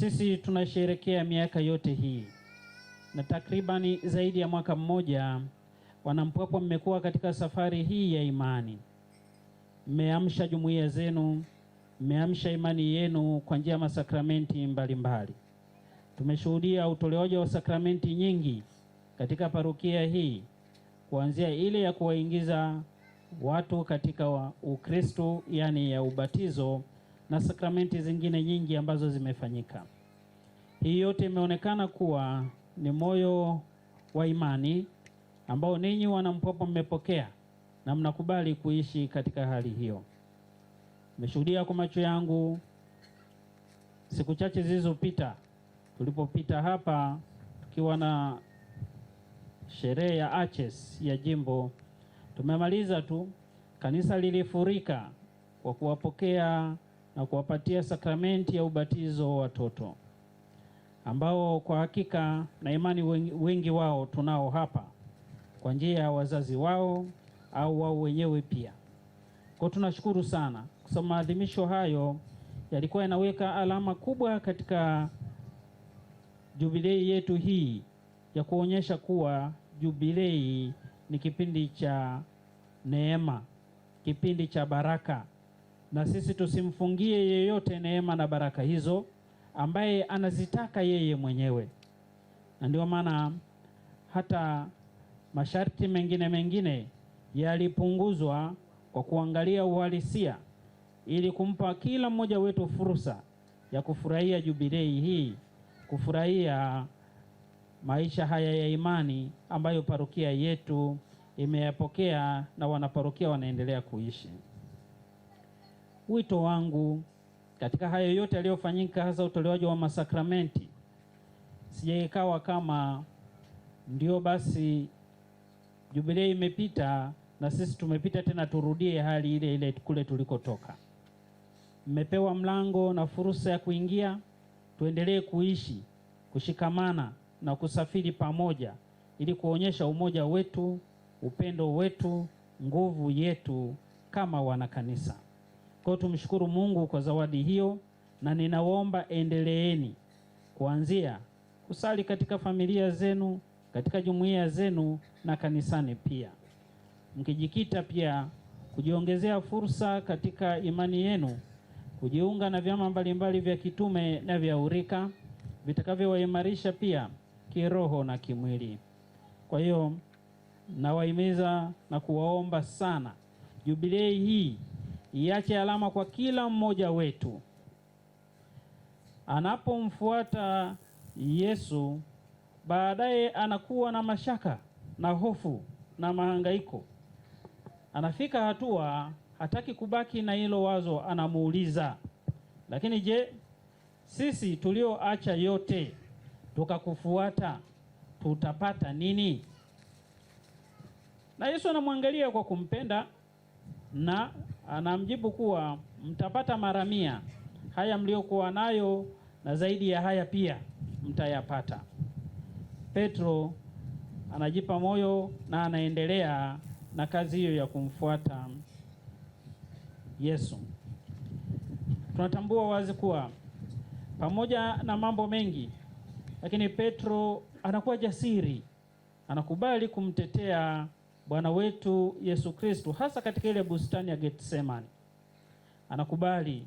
Sisi tunasherekea miaka yote hii na takribani zaidi ya mwaka mmoja, Wanampwapwa mmekuwa katika safari hii ya imani. Mmeamsha jumuiya zenu, mmeamsha imani yenu kwa njia ya masakramenti mbalimbali. Tumeshuhudia utolewaji wa sakramenti nyingi katika parokia hii, kuanzia ile ya kuwaingiza watu katika Ukristo, yaani ya ubatizo na sakramenti zingine nyingi ambazo zimefanyika. Hii yote imeonekana kuwa ni moyo wa imani ambao ninyi wanampopo mmepokea na mnakubali kuishi katika hali hiyo. Nimeshuhudia kwa macho yangu siku chache zilizopita tulipopita hapa tukiwa na sherehe ya ACHES ya jimbo. Tumemaliza tu kanisa lilifurika kwa kuwapokea na kuwapatia sakramenti ya ubatizo watoto ambao kwa hakika na imani wengi, wengi wao tunao hapa kwa njia ya wazazi wao au wao wenyewe pia. Kwa tunashukuru sana kwa sababu maadhimisho hayo yalikuwa yanaweka alama kubwa katika jubilei yetu hii ya kuonyesha kuwa jubilei ni kipindi cha neema, kipindi cha baraka na sisi tusimfungie yeyote neema na baraka hizo ambaye anazitaka yeye mwenyewe, na ndio maana hata masharti mengine mengine yalipunguzwa kwa kuangalia uhalisia, ili kumpa kila mmoja wetu fursa ya kufurahia jubilei hii, kufurahia maisha haya ya imani ambayo parokia yetu imeyapokea na wanaparokia wanaendelea kuishi. Wito wangu katika hayo yote yaliyofanyika, hasa utolewaji wa masakramenti, sijaikawa kama ndio basi jubilei imepita na sisi tumepita tena, turudie hali ile ile kule tulikotoka. Mmepewa mlango na fursa ya kuingia, tuendelee kuishi, kushikamana na kusafiri pamoja ili kuonyesha umoja wetu, upendo wetu, nguvu yetu kama wanakanisa. Kwa hiyo tumshukuru Mungu kwa zawadi hiyo, na ninawaomba endeleeni kuanzia kusali katika familia zenu, katika jumuiya zenu na kanisani pia, mkijikita pia kujiongezea fursa katika imani yenu, kujiunga na vyama mbalimbali vya kitume na vya urika vitakavyowaimarisha pia kiroho na kimwili. Kwa hiyo nawahimiza na kuwaomba sana Jubilei hii iache alama kwa kila mmoja wetu anapomfuata Yesu. Baadaye anakuwa na mashaka na hofu na mahangaiko, anafika hatua hataki kubaki na hilo wazo, anamuuliza lakini, je, sisi tulioacha yote tukakufuata tutapata nini? Na Yesu anamwangalia kwa kumpenda na anamjibu ah, kuwa mtapata mara mia haya mliokuwa nayo na zaidi ya haya pia mtayapata. Petro anajipa moyo na anaendelea na kazi hiyo ya kumfuata Yesu. Tunatambua wazi kuwa pamoja na mambo mengi, lakini Petro anakuwa jasiri, anakubali kumtetea Bwana wetu Yesu Kristo, hasa katika ile bustani ya Getsemani, anakubali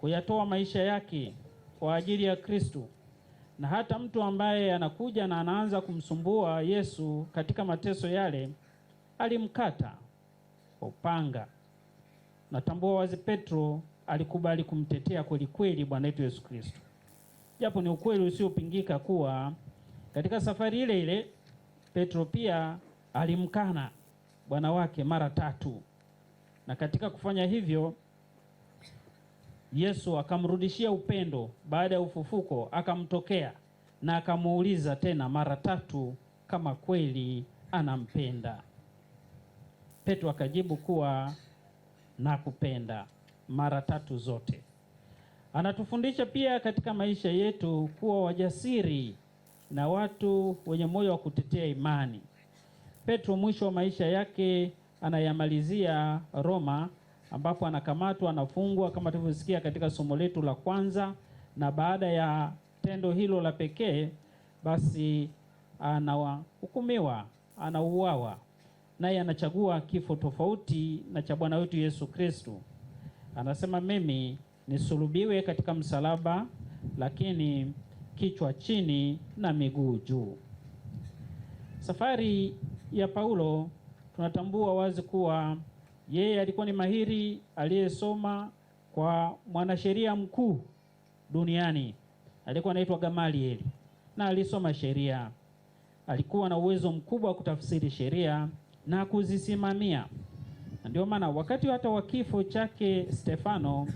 kuyatoa maisha yake kwa ajili ya Kristo. Na hata mtu ambaye anakuja na anaanza kumsumbua Yesu katika mateso yale, alimkata kwa upanga. Natambua wazi Petro alikubali kumtetea kweli kweli Bwana wetu Yesu Kristo, japo ni ukweli usiopingika kuwa katika safari ile ile Petro pia alimkana bwana wake mara tatu, na katika kufanya hivyo Yesu akamrudishia upendo baada ya ufufuko, akamtokea na akamuuliza tena mara tatu kama kweli anampenda. Petro akajibu kuwa nakupenda, mara tatu zote. Anatufundisha pia katika maisha yetu kuwa wajasiri na watu wenye moyo wa kutetea imani. Petro mwisho wa maisha yake anayamalizia Roma, ambapo anakamatwa, anafungwa kama tulivyosikia katika somo letu la kwanza, na baada ya tendo hilo la pekee, basi anahukumiwa, anauawa, naye anachagua kifo tofauti na cha Bwana wetu Yesu Kristo. Anasema, mimi nisulubiwe katika msalaba, lakini kichwa chini na miguu juu. Safari ya Paulo tunatambua wazi kuwa yeye alikuwa ni mahiri aliyesoma kwa mwanasheria mkuu duniani, alikuwa anaitwa Gamalieli na alisoma sheria. Alikuwa na uwezo mkubwa wa kutafsiri sheria na kuzisimamia. Ndio maana wakati hata wa kifo chake Stefano,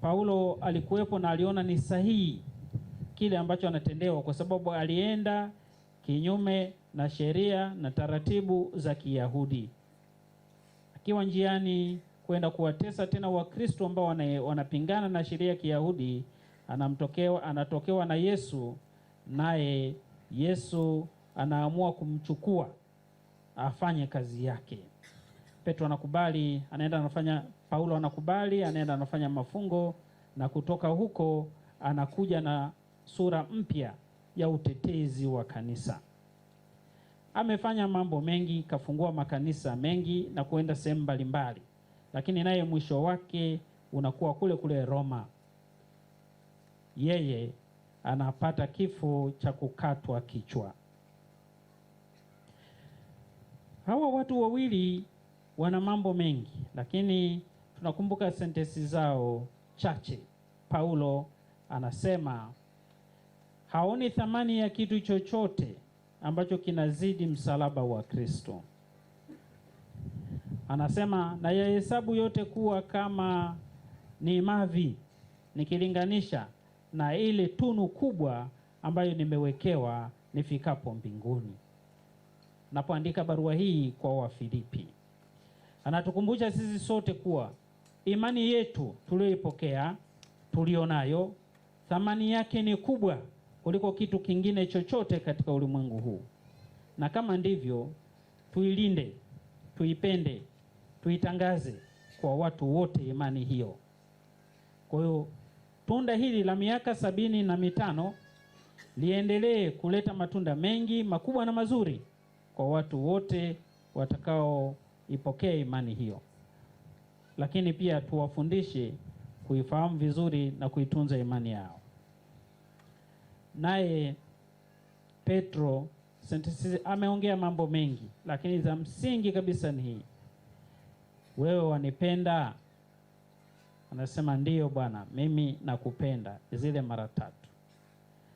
Paulo alikuwepo na aliona ni sahihi kile ambacho anatendewa, kwa sababu alienda kinyume na sheria na taratibu za Kiyahudi. Akiwa njiani kwenda kuwatesa tena Wakristo ambao wanapingana na sheria ya Kiyahudi, anamtokewa, anatokewa na Yesu, naye Yesu anaamua kumchukua afanye kazi yake. Petro anakubali, anaenda anafanya, Paulo anakubali, anaenda anafanya mafungo, na kutoka huko anakuja na sura mpya ya utetezi wa kanisa amefanya mambo mengi, kafungua makanisa mengi na kuenda sehemu mbalimbali, lakini naye mwisho wake unakuwa kule kule Roma. Yeye anapata kifo cha kukatwa kichwa. Hawa watu wawili wana mambo mengi, lakini tunakumbuka sentensi zao chache. Paulo anasema haoni thamani ya kitu chochote ambacho kinazidi msalaba wa Kristo. Anasema na yahesabu yote kuwa kama ni mavi, nikilinganisha na ile tunu kubwa ambayo nimewekewa nifikapo mbinguni. Napoandika barua hii kwa Wafilipi, anatukumbusha sisi sote kuwa imani yetu tuliyoipokea, tulionayo, thamani yake ni kubwa kuliko kitu kingine chochote katika ulimwengu huu. Na kama ndivyo, tuilinde, tuipende, tuitangaze kwa watu wote imani hiyo. Kwa hiyo tunda hili la miaka sabini na mitano liendelee kuleta matunda mengi makubwa na mazuri kwa watu wote watakaoipokea imani hiyo, lakini pia tuwafundishe kuifahamu vizuri na kuitunza imani yao naye Petro sentensi ameongea mambo mengi, lakini za msingi kabisa ni hii: wewe wanipenda? Anasema ndiyo Bwana, mimi nakupenda, zile mara tatu.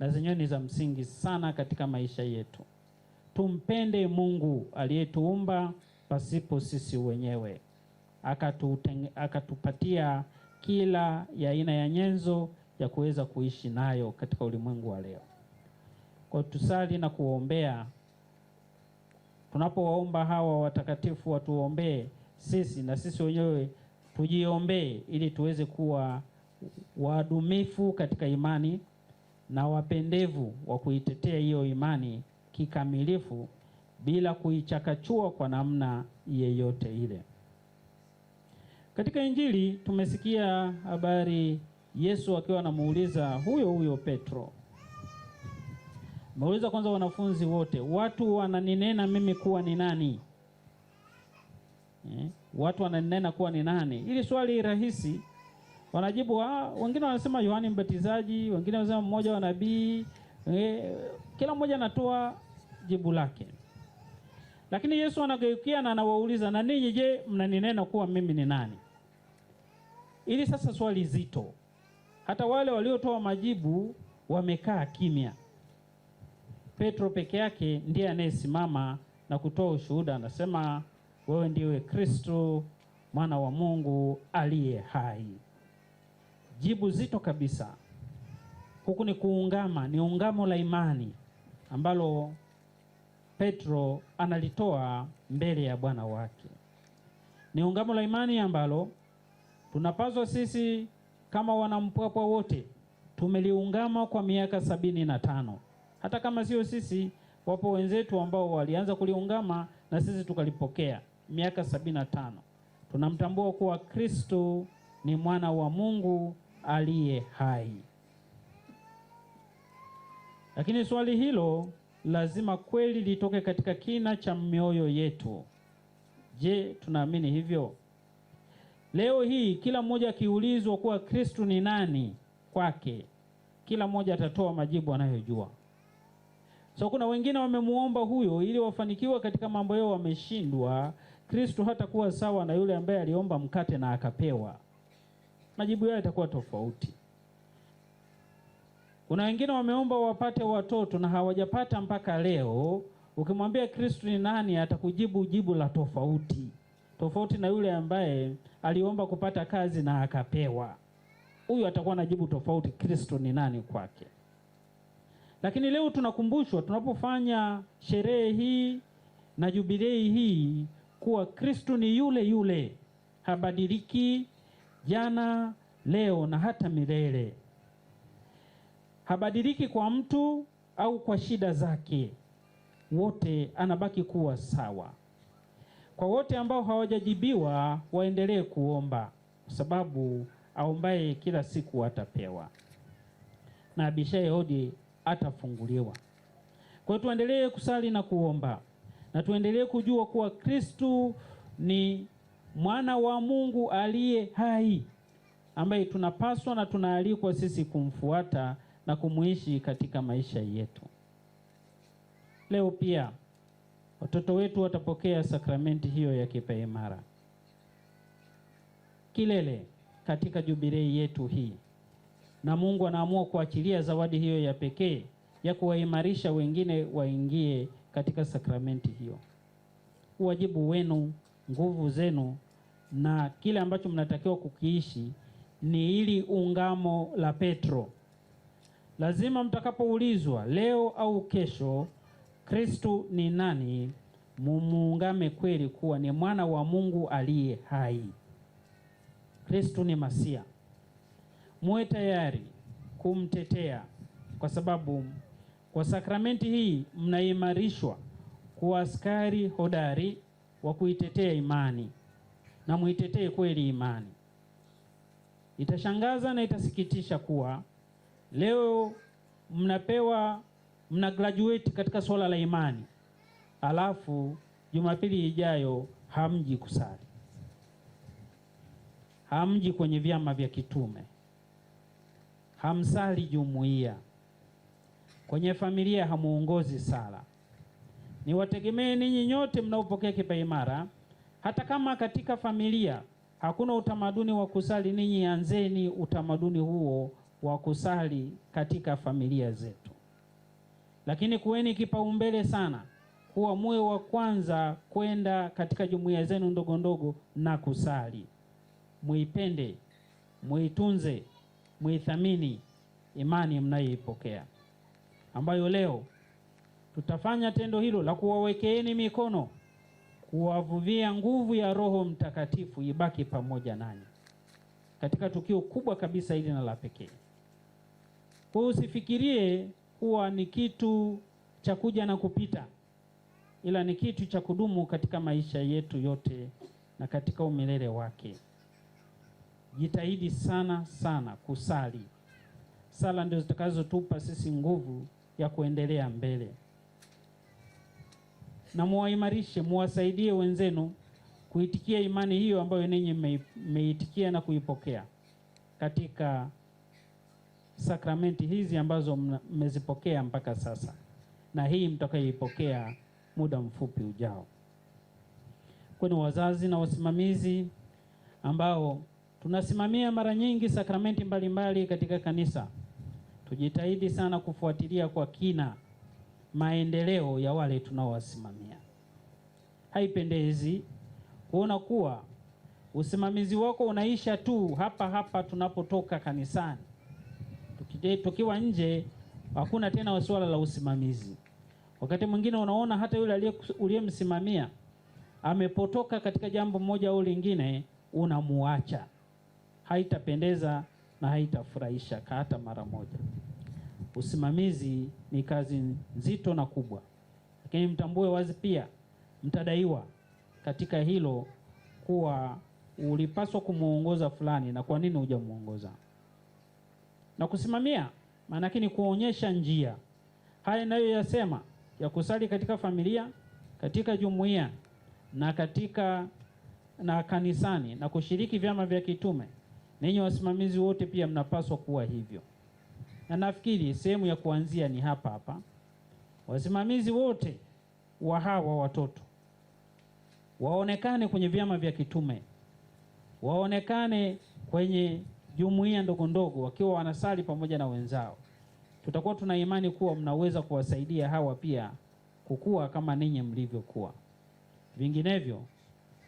Na zenyewe ni za msingi sana katika maisha yetu. Tumpende Mungu aliyetuumba pasipo sisi wenyewe, akatupatia kila ya aina ya nyenzo ya kuweza kuishi nayo katika ulimwengu wa leo. Kwa tusali na kuombea, tunapowaomba hawa watakatifu watuombee sisi na sisi wenyewe tujiombee, ili tuweze kuwa wadumifu katika imani na wapendevu wa kuitetea hiyo imani kikamilifu bila kuichakachua kwa namna yeyote ile. Katika Injili tumesikia habari Yesu akiwa anamuuliza huyo huyo Petro, ameuliza kwanza wanafunzi wote, watu wananinena mimi kuwa ni nani? Eh, watu wananinena kuwa ni nani? Ili swali rahisi, wanajibu ah, wengine wanasema Yohani Mbatizaji, wengine wanasema mmoja wa nabii eh, kila mmoja anatoa jibu lake, lakini Yesu anageukia na anawauliza, na ninyi je, mnaninena kuwa mimi ni nani? Ili sasa swali zito hata wale waliotoa majibu wamekaa kimya. Petro peke yake ndiye anayesimama na kutoa ushuhuda, anasema wewe ndiwe Kristo mwana wa Mungu aliye hai. Jibu zito kabisa. Huku ni kuungama, ni ungamo la imani ambalo Petro analitoa mbele ya Bwana wake. Ni ungamo la imani ambalo tunapaswa sisi kama wanampwapwa wote tumeliungama kwa miaka sabini na tano. Hata kama sio sisi, wapo wenzetu ambao walianza kuliungama na sisi tukalipokea miaka sabini na tano. Tunamtambua kuwa Kristo ni mwana wa Mungu aliye hai, lakini swali hilo lazima kweli litoke katika kina cha mioyo yetu. Je, tunaamini hivyo? Leo hii kila mmoja akiulizwa kuwa Kristo ni nani kwake, kila mmoja atatoa majibu anayojua. So kuna wengine wamemuomba huyo ili wafanikiwe katika mambo yao, wameshindwa. Kristo hata kuwa sawa na yule ambaye aliomba mkate na akapewa, majibu yao yatakuwa tofauti. Kuna wengine wameomba wapate watoto na hawajapata mpaka leo. Ukimwambia Kristo ni nani, atakujibu jibu la tofauti, tofauti na yule ambaye aliomba kupata kazi na akapewa. Huyu atakuwa na jibu tofauti, Kristo ni nani kwake. Lakini leo tunakumbushwa tunapofanya sherehe hii na jubilei hii kuwa Kristo ni yule yule, habadiliki jana, leo na hata milele. Habadiliki kwa mtu au kwa shida zake, wote anabaki kuwa sawa. Kwa wote ambao hawajajibiwa waendelee kuomba, kwa sababu aombaye kila siku atapewa na abishaye hodi atafunguliwa. Kwa hiyo tuendelee kusali na kuomba na tuendelee kujua kuwa Kristu ni mwana wa Mungu aliye hai ambaye tunapaswa na tunaalikwa sisi kumfuata na kumuishi katika maisha yetu. Leo pia watoto wetu watapokea sakramenti hiyo ya kipaimara. Kilele katika jubilei yetu hii, na Mungu anaamua kuachilia zawadi hiyo ya pekee ya kuwaimarisha wengine waingie katika sakramenti hiyo. Wajibu wenu, nguvu zenu na kile ambacho mnatakiwa kukiishi ni ili ungamo la Petro. Lazima mtakapoulizwa leo au kesho Kristu ni nani, mumuungame kweli kuwa ni mwana wa Mungu aliye hai. Kristu ni Masia, muwe tayari kumtetea, kwa sababu kwa sakramenti hii mnaimarishwa kuwa askari hodari wa kuitetea imani, na muitetee kweli imani. Itashangaza na itasikitisha kuwa leo mnapewa mna graduate katika swala la imani, alafu Jumapili ijayo hamji kusali, hamji kwenye vyama vya kitume, hamsali jumuiya, kwenye familia hamuongozi sala, niwategemee ninyi nyote mnaopokea kipaimara. Hata kama katika familia hakuna utamaduni wa kusali, ninyi anzeni utamaduni huo wa kusali katika familia zetu. Lakini kuweni kipaumbele sana kuwa muwe wa kwanza kwenda katika jumuiya zenu ndogo ndogo na kusali. Muipende, muitunze, muithamini imani mnayoipokea, ambayo leo tutafanya tendo hilo la kuwawekeeni mikono, kuwavuvia nguvu ya Roho Mtakatifu ibaki pamoja nanyi katika tukio kubwa kabisa hili na la pekee. Kwa usifikirie kuwa ni kitu cha kuja na kupita, ila ni kitu cha kudumu katika maisha yetu yote na katika umilele wake. Jitahidi sana sana kusali. Sala ndio zitakazotupa sisi nguvu ya kuendelea mbele, na muwaimarishe, muwasaidie wenzenu kuitikia imani hiyo ambayo ninyi mmeitikia na kuipokea katika sakramenti hizi ambazo mmezipokea mpaka sasa na hii mtakayoipokea muda mfupi ujao. Kwenu wazazi na wasimamizi ambao tunasimamia mara nyingi sakramenti mbalimbali mbali katika kanisa, tujitahidi sana kufuatilia kwa kina maendeleo ya wale tunaowasimamia. Haipendezi kuona kuwa usimamizi wako unaisha tu hapa hapa tunapotoka kanisani tukiwa nje hakuna tena swala la usimamizi. Wakati mwingine unaona hata yule uliyemsimamia amepotoka katika jambo moja au lingine, unamuacha. Haitapendeza na haitafurahisha hata mara moja. Usimamizi ni kazi nzito na kubwa, lakini mtambue wazi pia mtadaiwa katika hilo kuwa ulipaswa kumuongoza fulani na kwa nini hujamuongoza na kusimamia maana yake ni kuonyesha njia. Haya yasema ya kusali katika familia, katika jumuiya na katika na kanisani na kushiriki vyama vya kitume, ninyi wasimamizi wote pia mnapaswa kuwa hivyo, na nafikiri sehemu ya kuanzia ni hapa hapa. Wasimamizi wote wa hawa watoto waonekane kwenye vyama vya kitume, waonekane kwenye jumuiya ndogo ndogo wakiwa wanasali pamoja na wenzao. Tutakuwa tuna imani kuwa mnaweza kuwasaidia hawa pia kukua kama ninyi mlivyokuwa. Vinginevyo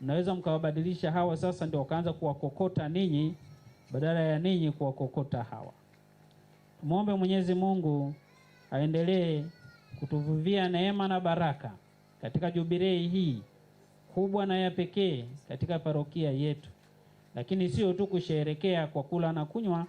mnaweza mkawabadilisha hawa sasa ndio wakaanza kuwakokota ninyi badala ya ninyi kuwakokota hawa. Tumwombe Mwenyezi Mungu aendelee kutuvuvia neema na baraka katika jubilei hii kubwa na ya pekee katika parokia yetu. Lakini sio tu kusherekea kwa kula na kunywa,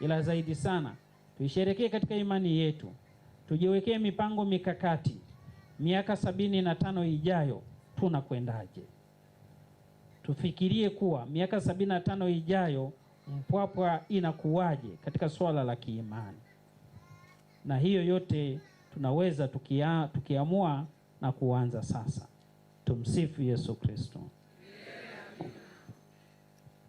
ila zaidi sana tuisherekee katika imani yetu, tujiwekee mipango mikakati, miaka sabini na tano ijayo tunakwendaje? Tufikirie kuwa miaka sabini na tano ijayo Mpwapwa inakuwaje katika swala la kiimani, na hiyo yote tunaweza tukia, tukiamua na kuanza sasa. Tumsifu Yesu Kristo.